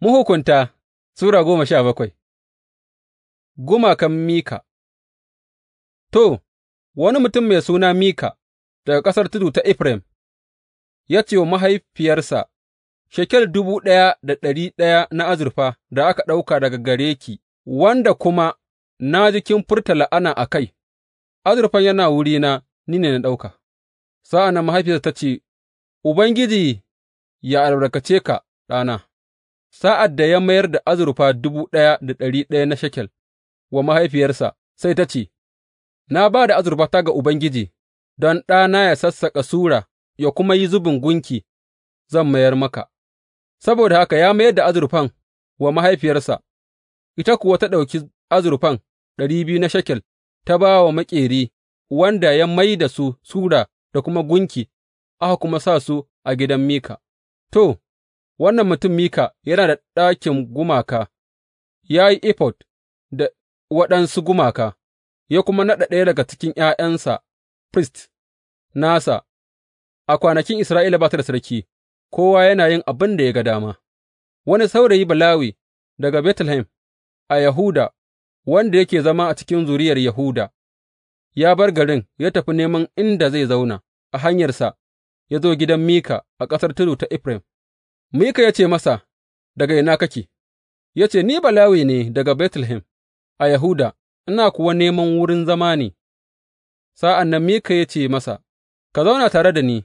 Mahukunta Sura goma sha bakwai Gumakan Mika To, wani mutum mai suna Mika daga ƙasar tudu ta Efraim ya ce wa mahaifiyarsa, Shekel dubu ɗaya da ɗari ɗaya na azurfa da aka ɗauka daga gare ki, wanda kuma na jikin kin furta la'ana a kai, azurfan yana wurina ni ne na ɗauka. Sa'an nan mahaifiyarsa ta ce, Ubangiji ya albarkace ka, ɗana. Sa'ad da ya mayar da azurfa dubu ɗaya da ɗari ɗaya na shekel wa mahaifiyarsa, sai ta ce, Na ba da ta ga Ubangiji don ɗana ya sassaƙa sura ya kuma yi zubin gunki, zan mayar maka, saboda haka ya mayar da azurfan wa mahaifiyarsa, ita kuwa ta ɗauki azurfan ɗari biyu na shekel ta ba wa maƙeri, wanda ya mai da su sura da kuma gunki, aka kuma sa su a gidan Mika. To, Wannan mutum Mika yana da ɗakin gumaka, ya yi efod da waɗansu gumaka, ya kuma naɗa ɗaya daga cikin ’ya'yansa firist nasa, a kwanakin Isra'ila ba ta da sarki, kowa yana yin abin da ya ga dama. Wani saurayi Balawi daga Betlehem a Yahuda, wanda yake zama a cikin zuriyar Yahuda, ya bar garin ya tafi neman inda zai zauna, a hanyarsa ya zo gidan Mika a ƙasar tudu ta Efraim. Mika ya ce masa, Daga ina kake? Ya ce, Ni Balawe ne daga Betlehem a Yahuda, ina kuwa neman wurin zama ne. Sa'an nan Mika ya ce masa, Ka zauna tare da ni,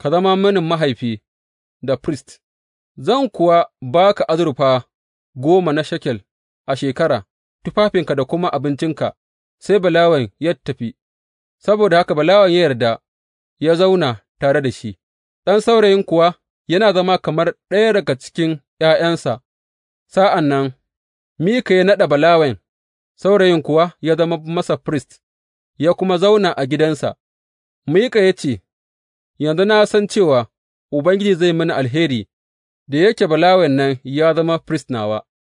ka zama mini mahaifi da firist, zan kuwa ba ka azurfa goma na shekel a shekara, tufafinka da kuma abincinka, sai balawan ya tafi, saboda haka balawan ya yarda ya zauna tare da shi, ɗan saurayin kuwa yana zama kamar ɗaya daga cikin ’ya'yansa, sa'an nan Mika ya naɗa Balawen, saurayin kuwa ya zama masa firist, ya kuma zauna a gidansa. Mika ya ce, Yanzu na san cewa Ubangiji zai mini alheri da yake Balawen nan ya zama firist nawa.